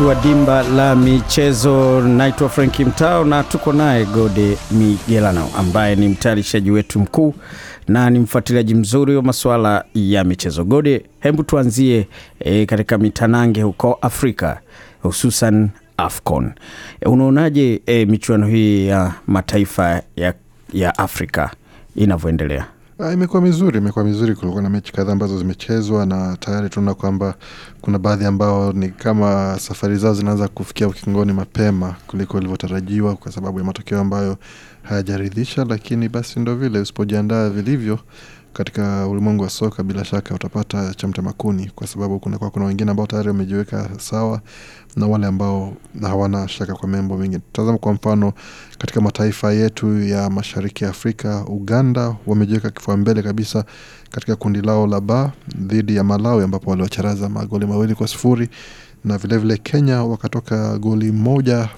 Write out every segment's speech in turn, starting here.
wetu wa dimba la michezo. Naitwa Franki Mtao na tuko naye Gode Migelano ambaye ni mtayarishaji wetu mkuu na ni mfuatiliaji mzuri wa masuala ya michezo. Gode, hebu tuanzie e, katika mitanange huko Afrika hususan AFCON. E, unaonaje e, michuano hii ya mataifa ya, ya Afrika inavyoendelea? Ah, imekuwa mizuri, imekuwa mizuri. Kulikuwa na mechi kadhaa ambazo zimechezwa na tayari tunaona kwamba kuna baadhi ambao ni kama safari zao zinaanza kufikia ukingoni mapema kuliko ilivyotarajiwa kwa sababu ya matokeo ambayo hayajaridhisha, lakini basi ndo vile usipojiandaa vilivyo katika ulimwengu wa soka bila shaka utapata chamta makuni kwa sababu kunakuwa kuna wengine ambao tayari wamejiweka sawa na wale ambao hawana shaka kwa mambo mengi. Tazama kwa mfano katika mataifa yetu ya mashariki ya Afrika, Uganda wamejiweka kifua mbele kabisa katika kundi lao la ba dhidi ya Malawi ambapo waliwacharaza magoli mawili kwa sifuri na vilevile vile Kenya wakatoka goli moja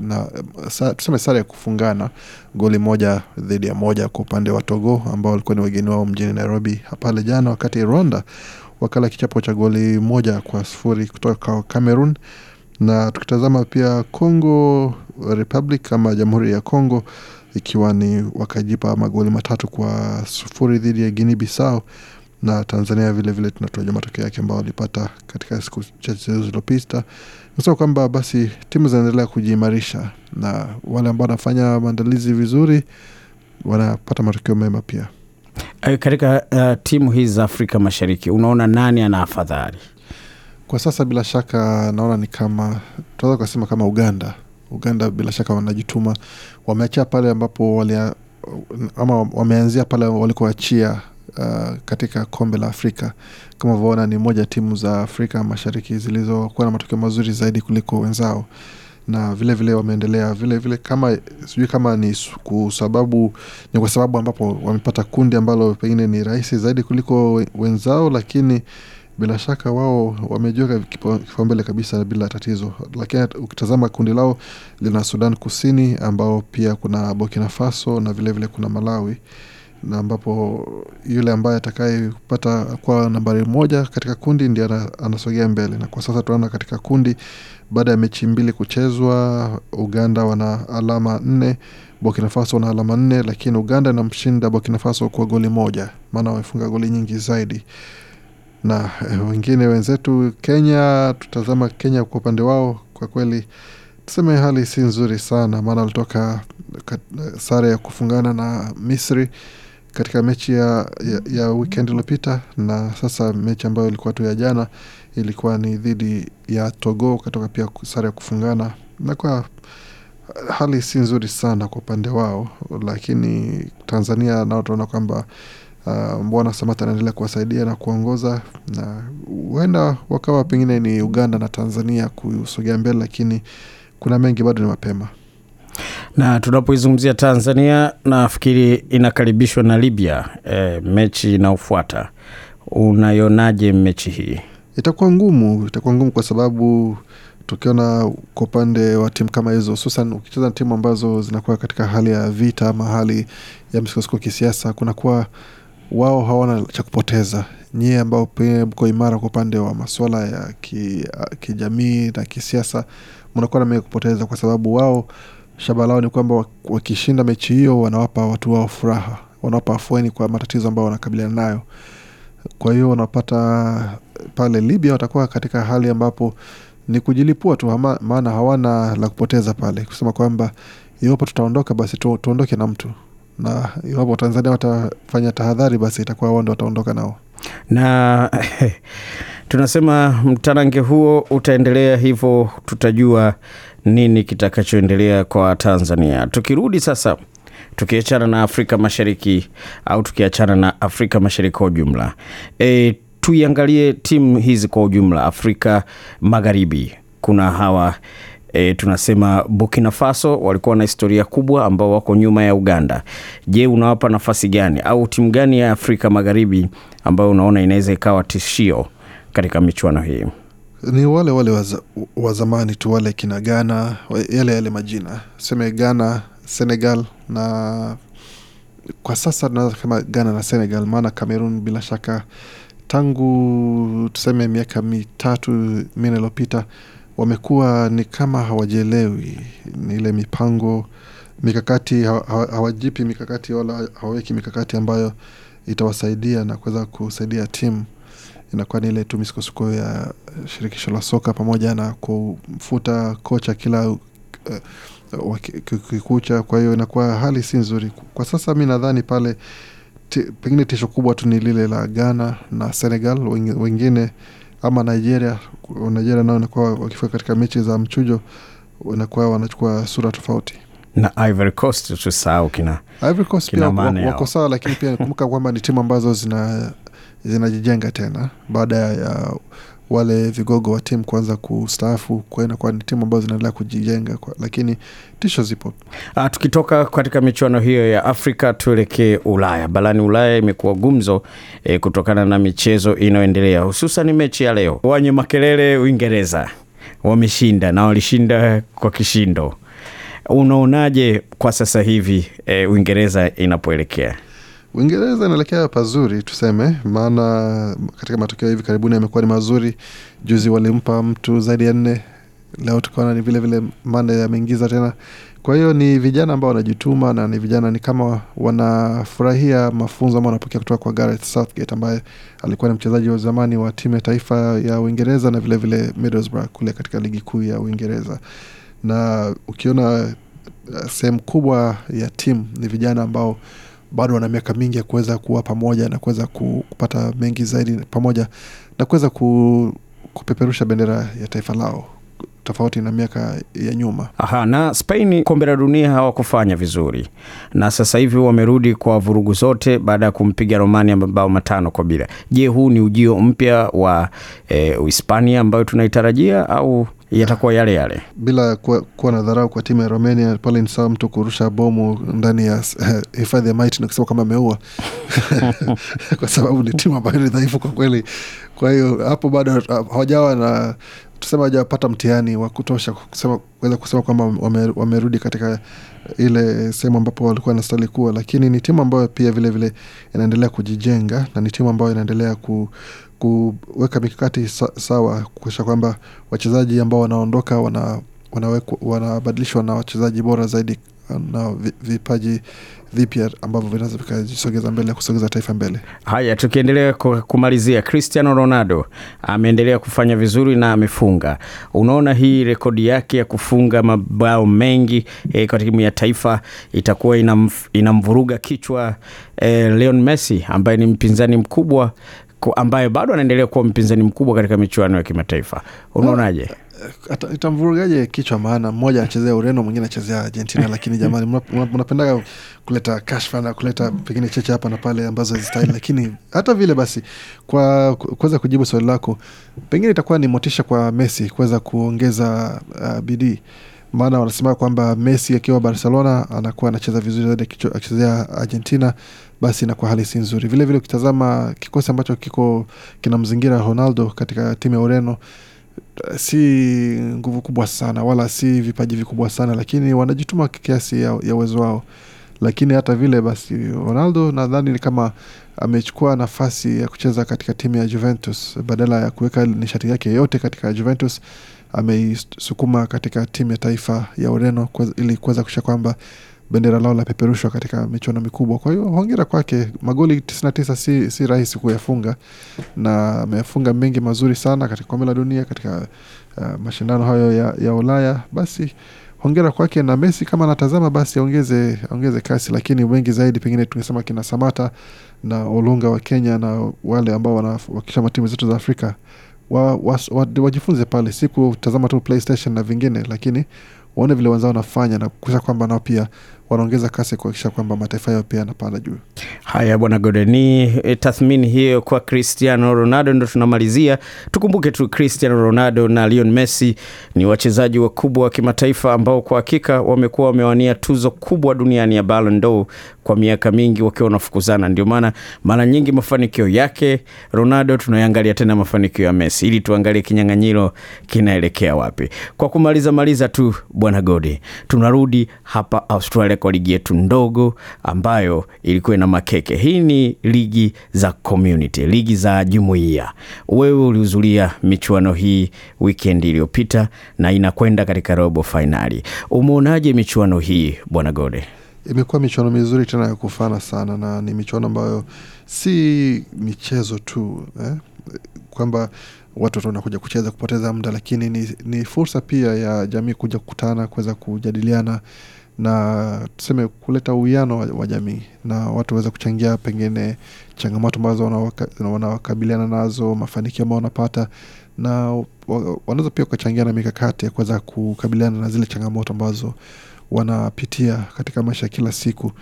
na sa, tuseme sare ya kufungana goli moja dhidi ya moja kwa upande wa Togo ambao walikuwa ni wageni wao mjini Nairobi pale jana, wakati Rwanda wakala kichapo cha goli moja kwa sufuri kutoka Cameroon. Na tukitazama pia Congo Republic ama Jamhuri ya Congo ikiwa ni wakajipa magoli matatu kwa sufuri dhidi ya Guinea Bissau na Tanzania vilevile tunataja matokeo yake ambao walipata katika siku chache zilizopita Nasema kwamba basi timu zinaendelea kujiimarisha na wale ambao wanafanya maandalizi vizuri wanapata matokeo mema pia. Eh, katika uh, timu hizi za Afrika Mashariki, unaona nani ana afadhali kwa sasa? Bila shaka naona ni kama tunaweza kusema kama Uganda. Uganda bila shaka wanajituma, wameachia pale ambapo wali, ama wameanzia pale walikoachia uh, katika kombe la Afrika. Kama vyoona ni moja timu za Afrika Mashariki zilizokuwa na matokeo mazuri zaidi kuliko wenzao na vilevile wameendelea vilevile, kama sijui kama ni kusababu, ni kwa sababu ambapo wamepata kundi ambalo pengine ni rahisi zaidi kuliko wenzao, lakini bila shaka wao wamejiweka kipaumbele kabisa bila tatizo. Lakini ukitazama kundi lao lina Sudan Kusini, ambao pia kuna Burkina Faso na vilevile vile kuna Malawi na ambapo yule ambaye atakaye kupata kwa nambari moja katika kundi ndi anasogea mbele, na kwa sasa tunaona katika kundi baada ya mechi mbili kuchezwa, Uganda wana alama nne, Burkina Faso wana alama nne, lakini Uganda inamshinda Burkina Faso kwa goli moja, maana wamefunga goli nyingi zaidi na eh, wengine wenzetu Kenya, tutazama Kenya kwa upande wao, kwa kweli tuseme hali si nzuri sana, maana walitoka eh, sare ya kufungana na Misri katika mechi ya, ya, ya weekend iliopita na sasa mechi ambayo ilikuwa tu ya jana ilikuwa ni dhidi ya Togo, katoka pia sare ya kufungana na kwa hali si nzuri sana kwa upande wao, lakini Tanzania nao tunaona kwamba uh, ah, Bwana Samata anaendelea kuwasaidia na kuongoza, na huenda wakawa pengine ni Uganda na Tanzania kusogea mbele, lakini kuna mengi bado, ni mapema. Na tunapoizungumzia Tanzania, nafikiri inakaribishwa na Libya e, mechi inayofuata. Unaionaje mechi hii? Itakuwa ngumu, itakuwa ngumu kwa sababu tukiona kwa upande wa timu kama hizo, hususan ukicheza na timu ambazo zinakuwa katika hali ya vita ama hali ya msikosiko kisiasa, kunakuwa wao hawana cha kupoteza. Nyie ambao pengine mko imara kwa upande wa masuala ya kijamii ki na kisiasa, mnakuwa na kupoteza, kwa sababu wao shaba lao ni kwamba wakishinda mechi hiyo wanawapa watu wao furaha, wanawapa afueni kwa matatizo ambayo wanakabiliana nayo. Kwa hiyo wanapata pale Libya watakuwa katika hali ambapo ni kujilipua tu, maana hawana la kupoteza pale, kusema kwamba iwapo tutaondoka basi tu, tuondoke na mtu na iwapo Tanzania watafanya tahadhari basi itakuwa wao ndio wataondoka nao na tunasema mtarange huo utaendelea hivyo, tutajua nini kitakachoendelea kwa Tanzania. Tukirudi sasa tukiachana na Afrika Mashariki au tukiachana na Afrika Mashariki kwa ujumla e, tuiangalie timu hizi kwa ujumla. Afrika Magharibi kuna hawa e, tunasema Burkina Faso walikuwa na historia kubwa, ambao wako nyuma ya Uganda. Je, unawapa nafasi gani au timu gani ya Afrika Magharibi ambayo unaona inaweza ikawa tishio katika michuano hii? ni wale wale wa zamani tu, wale kina Ghana, yale yale majina seme Ghana, Senegal na kwa sasa tunaweza kama Ghana na Senegal, maana Cameroon bila shaka tangu tuseme miaka mitatu minne iliyopita wamekuwa ni kama hawajielewi ile mipango mikakati, hawajipi mikakati wala hawaweki mikakati ambayo itawasaidia na kuweza kusaidia timu inakuwa ni ile tu misukosuko ya eh, shirikisho la soka pamoja na kumfuta kocha kila uh, kikucha. Kwa hiyo inakuwa hali si nzuri kwa sasa. Mi nadhani pale pengine tisho kubwa tu ni lile la Ghana na Senegal, wengine ama Nigeria. Nigeria nao inakuwa wakifika katika mechi za mchujo inakuwa wanachukua sura tofauti na Ivory Coast tusahau kina Ivory Coast pia wako sawa, lakini pia kumbuka kwamba ni timu ambazo zina zinajijenga tena baada ya wale vigogo wa timu kuanza kustaafu, kwenda kwa ni timu ambazo zinaendelea kujijenga, lakini tisho zipo. Uh, tukitoka katika michuano hiyo ya Afrika tuelekee Ulaya. Barani Ulaya imekuwa gumzo eh, kutokana na michezo inayoendelea hususan mechi ya leo. Wanye makelele Uingereza wameshinda na walishinda kwa kishindo. Unaonaje kwa sasa hivi eh, Uingereza inapoelekea Uingereza inaelekea pazuri tuseme, maana katika matokeo hivi karibuni yamekuwa ni mazuri. Juzi walimpa mtu zaidi ya nne, leo tukaona ni vilevile Mane ameingiza tena. Kwa hiyo ni vijana ambao wanajituma na ni vijana ni kama wanafurahia mafunzo ambao wanapokea kutoka kwa Gareth Southgate ambaye alikuwa ni mchezaji wa zamani wa timu ya taifa ya Uingereza na vilevile Middlesbrough kule katika ligi kuu ya Uingereza, na ukiona eh, sehemu kubwa ya timu ni vijana ambao bado wana miaka mingi ya kuweza kuwa pamoja na kuweza kupata mengi zaidi pamoja na kuweza kupeperusha bendera ya taifa lao tofauti na miaka ya nyuma. Aha, na Spain kombe la dunia hawakufanya vizuri, na sasa hivi wamerudi kwa vurugu zote baada ya kumpiga Romania mabao matano kwa bila. Je, huu ni ujio mpya wa eh, Uhispania ambayo tunaitarajia au yatakuwa yale yale bila kuwa, kuwa na dharau kwa timu ya Romania. Pale ni sawa mtu kurusha bomu ndani ya eh, hifadhi ya maiti na kusema kwamba ameua kwa sababu ni timu ambayo ni dhaifu kwa kweli. Kwa hiyo hapo bado ah, hawajawa na tuseme wajawapata mtihani wa kutosha kusema, kuweza kusema kwamba wame, wamerudi katika ile sehemu ambapo walikuwa wanastahili kuwa, lakini ni timu ambayo pia vilevile inaendelea kujijenga na ni timu ambayo inaendelea ku, kuweka mikakati sa, sawa kuisha kwamba wachezaji ambao wanaondoka wana wanabadilishwa wana na wachezaji bora zaidi na vipaji vipya ambavyo vinaweza vikajisogeza mbele kusogeza taifa mbele. Haya, tukiendelea kumalizia, Cristiano Ronaldo ameendelea kufanya vizuri na amefunga. Unaona hii rekodi yake ya kufunga mabao mengi e, kwa timu ya taifa itakuwa inamvuruga kichwa e, Leon Messi ambaye ni mpinzani mkubwa ambaye bado anaendelea kuwa mpinzani mkubwa katika michuano ya kimataifa unaonaje eh, itamvurugaje kichwa maana mmoja anachezea ureno mwingine anachezea argentina lakini jamani mnapendaga kuleta kashfa na kuleta pengine cheche hapa na pale ambazo hazistahili lakini hata vile basi kwa kuweza kujibu swali lako pengine itakuwa ni motisha kwa messi kuweza kuongeza uh, bidii maana wanasema kwamba Messi akiwa Barcelona anakuwa anacheza vizuri zaidi akichezea Argentina, basi inakuwa hali si nzuri. Vilevile ukitazama kikosi ambacho kiko kinamzingira Ronaldo katika timu ya Ureno si nguvu kubwa sana wala si vipaji vikubwa sana, lakini wanajituma kiasi ya uwezo wao. Lakini hata vile basi, Ronaldo nadhani ni kama amechukua nafasi ya kucheza katika timu ya Juventus badala ya kuweka nishati yake yote katika Juventus ameisukuma katika timu ya taifa ya Ureno ili kuweza kuisha kwamba bendera lao lapeperushwa katika michuano mikubwa. Kwa hiyo hongera kwake, magoli 99 si, si rahisi kuyafunga, na amefunga mengi mazuri sana katika kombe la dunia, katika uh, mashindano hayo ya, ya Ulaya. Basi hongera kwake, na Messi kama anatazama basi aongeze aongeze kasi, lakini wengi zaidi pengine tungesema kina Samata na Olunga wa Kenya na wale ambao wanawakilisha matimu zetu za Afrika wa, wa, wa, wajifunze pale, si kutazama tu PlayStation na vingine, lakini waone vile wenzao wanafanya na kuisha kwamba nao pia wanaongeza kasi kuhakikisha kwamba mataifa yao pia yanapanda juu. Haya bwana Gode, ni e, tathmini hiyo kwa Cristiano Ronaldo. Ndo tunamalizia, tukumbuke tu Cristiano Ronaldo na Lionel Messi ni wachezaji wakubwa wa kimataifa ambao kwa hakika wamekuwa wamewania tuzo kubwa duniani ya Ballon d'Or kwa miaka mingi wakiwa wanafukuzana. Ndio maana mara nyingi mafanikio yake Ronaldo tunayangalia tena mafanikio ya Messi ili tuangalie kinyang'anyiro kinaelekea wapi. Kwa kumaliza maliza tu bwana Godi, tunarudi hapa Australia kwa ligi yetu ndogo ambayo ilikuwa na makeke. Hii ni ligi za community, ligi za jumuiya. Wewe ulihudhuria michuano hii weekend iliyopita na inakwenda katika robo fainali. Umeonaje michuano hii bwana Gode? Imekuwa michuano mizuri tena ya kufana sana, na ni michuano ambayo si michezo tu eh? kwamba watu wanakuja kucheza kupoteza muda, lakini ni, ni fursa pia ya jamii kuja kukutana, kuweza kujadiliana na tuseme kuleta uwiano wa jamii na watu waweze kuchangia pengine changamoto ambazo wanawakabiliana wana nazo, mafanikio ambao wanapata, na wanaweza pia ukachangia na mikakati ya kuweza kukabiliana na zile changamoto ambazo wanapitia katika maisha ya kila siku.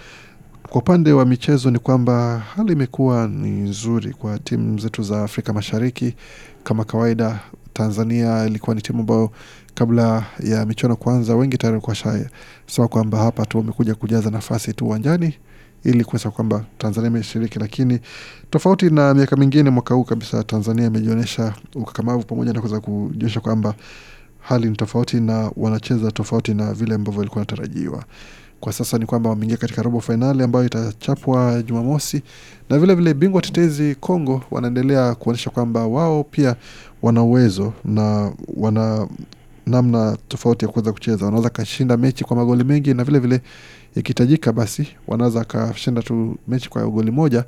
Kwa upande wa michezo ni kwamba hali imekuwa ni nzuri kwa timu zetu za Afrika Mashariki. Kama kawaida, Tanzania ilikuwa ni timu ambayo kabla ya michuano kwanza wengi tayari kwa shaya washasema kwamba hapa tu wamekuja kujaza nafasi tu uwanjani ili kuweza kwamba Tanzania imeshiriki, lakini tofauti na miaka mingine, mwaka huu kabisa Tanzania imejionyesha ukakamavu pamoja na kuweza kujionyesha kwamba hali ni tofauti na wanacheza tofauti na vile ambavyo ilikuwa inatarajiwa kwa sasa ni kwamba wameingia katika robo fainali ambayo itachapwa Jumamosi, na vilevile bingwa tetezi congo wanaendelea kuonyesha kwamba wao pia wana uwezo na wana namna tofauti ya kuweza kucheza. Wanaweza kashinda mechi kwa magoli mengi, na vilevile ikihitajika, basi wanaweza kashinda tu mechi kwa goli moja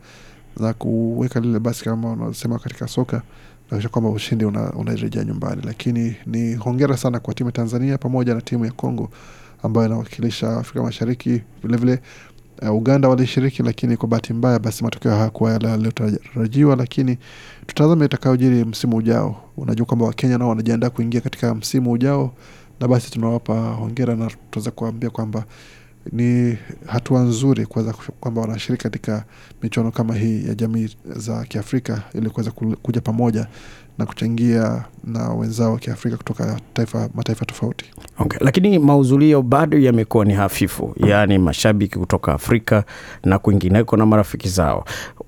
na kuweka lile basi, kama wanasema katika soka naisha kwamba ushindi unarejea una nyumbani. Lakini ni hongera sana kwa timu ya Tanzania pamoja na timu ya congo ambayo inawakilisha Afrika Mashariki vilevile vile, uh, Uganda walishiriki, lakini kwa bahati mbaya basi matokeo hayakuwa yale yaliyotarajiwa, lakini tutazame itakayojiri msimu ujao. Unajua kwamba Wakenya nao wanajiandaa kuingia katika msimu ujao, na basi tunawapa hongera na tutaweza kuambia kwamba ni hatua nzuri kuweza kwamba wanashiriki katika michuano kama hii ya jamii za Kiafrika ili kuweza kuja pamoja na kuchangia na wenzao wa Kiafrika kutoka taifa, mataifa tofauti. Okay. Lakini mahudhurio bado yamekuwa ni hafifu, yaani mashabiki kutoka Afrika na kwingineko na marafiki zao.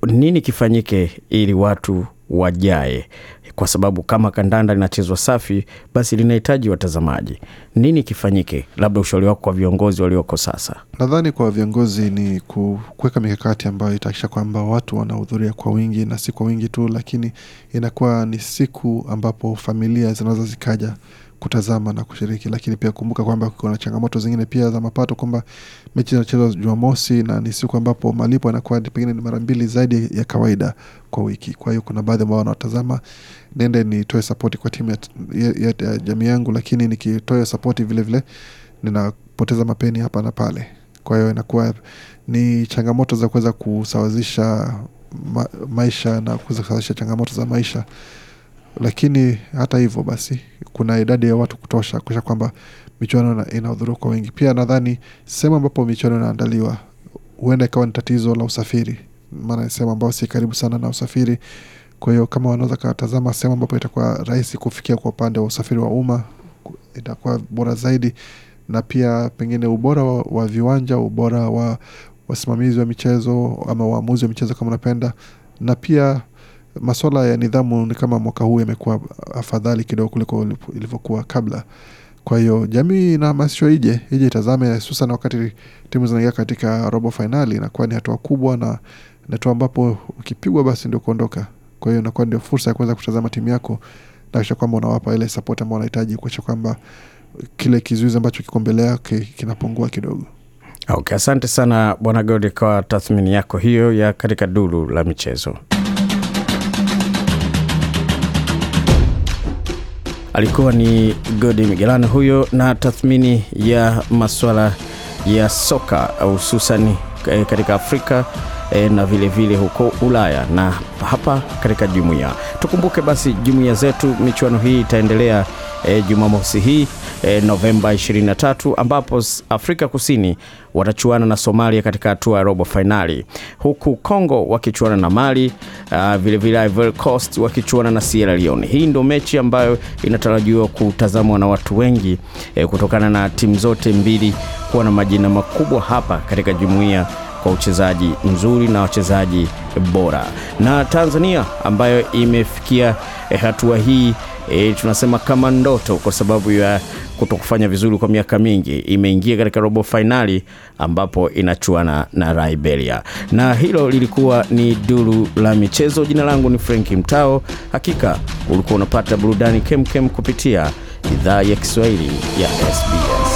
Nini kifanyike ili watu wajae kwa sababu kama kandanda linachezwa safi, basi linahitaji watazamaji. Nini kifanyike? Labda ushauri wako kwa viongozi walioko sasa. Nadhani kwa viongozi ni kuweka mikakati ambayo itaakisha kwamba watu wanahudhuria kwa wingi, na si kwa wingi tu, lakini inakuwa ni siku ambapo familia zinaweza zikaja kutazama na kushiriki, lakini pia kumbuka kwamba kuna changamoto zingine pia za mapato, kwamba mechi zinachezwa Jumamosi na ni siku ambapo malipo yanakuwa pengine ni mara mbili zaidi ya kawaida kwa wiki. Kwa hiyo kuna baadhi ambao wanawatazama niende nitoe sapoti kwa timu ya, ya, ya jamii yangu, lakini nikitoa sapoti vilevile ninapoteza mapeni hapa na pale. Kwa hiyo inakuwa ni changamoto za kuweza kusawazisha ma, maisha na kuweza kusawazisha changamoto za maisha, lakini hata hivyo basi kuna idadi ya watu kutosha kuisha kwamba michuano inahudhuriwa kwa wengi. Pia nadhani sehemu ambapo michuano inaandaliwa huenda ikawa ni tatizo la usafiri, maana sehemu ambayo si karibu sana na usafiri kwa hiyo kama wanaweza katazama sehemu ambapo itakuwa rahisi kufikia kwa upande wa usafiri wa umma itakuwa bora zaidi, na pia pengine ubora wa, wa viwanja, ubora wa wasimamizi wa michezo ama waamuzi wa michezo kama unapenda, na pia masuala ya nidhamu ni kama mwaka huu yamekuwa afadhali kidogo kuliko ilivyokuwa kabla. Kwa hiyo jamii inahamasishwa ije ije itazame, hususan wakati timu zinaingia katika robo fainali, inakuwa ni hatua kubwa na hatua ambapo ukipigwa basi ndio kuondoka. Kwa hiyo inakuwa ndio fursa ya kuweza kutazama timu yako nakisha kwamba unawapa ile sapoti ambao wanahitaji kuakisha kwamba kile kizuizi ambacho kiko mbele yake kinapungua kidogo. Okay, asante sana Bwana Godi kwa tathmini yako hiyo ya katika duru la michezo. Alikuwa ni Godi migelan huyo na tathmini ya maswala ya soka hususani eh, katika Afrika eh, na vilevile vile huko Ulaya na hapa katika jumuiya. Tukumbuke basi jumuiya zetu, michuano hii itaendelea eh, Jumamosi hii eh, Novemba 23 ambapo Afrika Kusini watachuana na Somalia katika hatua ya robo fainali, huku Congo wakichuana na Mali, vilevile ah, uh, Ivory Coast wakichuana na Sierra Leone. Hii ndio mechi ambayo inatarajiwa kutazamwa na watu wengi eh, kutokana na timu zote mbili kuwa na majina makubwa hapa katika jumuiya kwa uchezaji mzuri na wachezaji bora, na Tanzania ambayo imefikia eh, hatua hii E, tunasema kama ndoto kwa sababu ya kuto kufanya vizuri kwa miaka mingi, imeingia katika robo fainali ambapo inachuana na Liberia. Na hilo lilikuwa ni duru la michezo. Jina langu ni Frenki Mtao. Hakika ulikuwa unapata burudani kemkem kupitia idhaa ya Kiswahili ya SBS.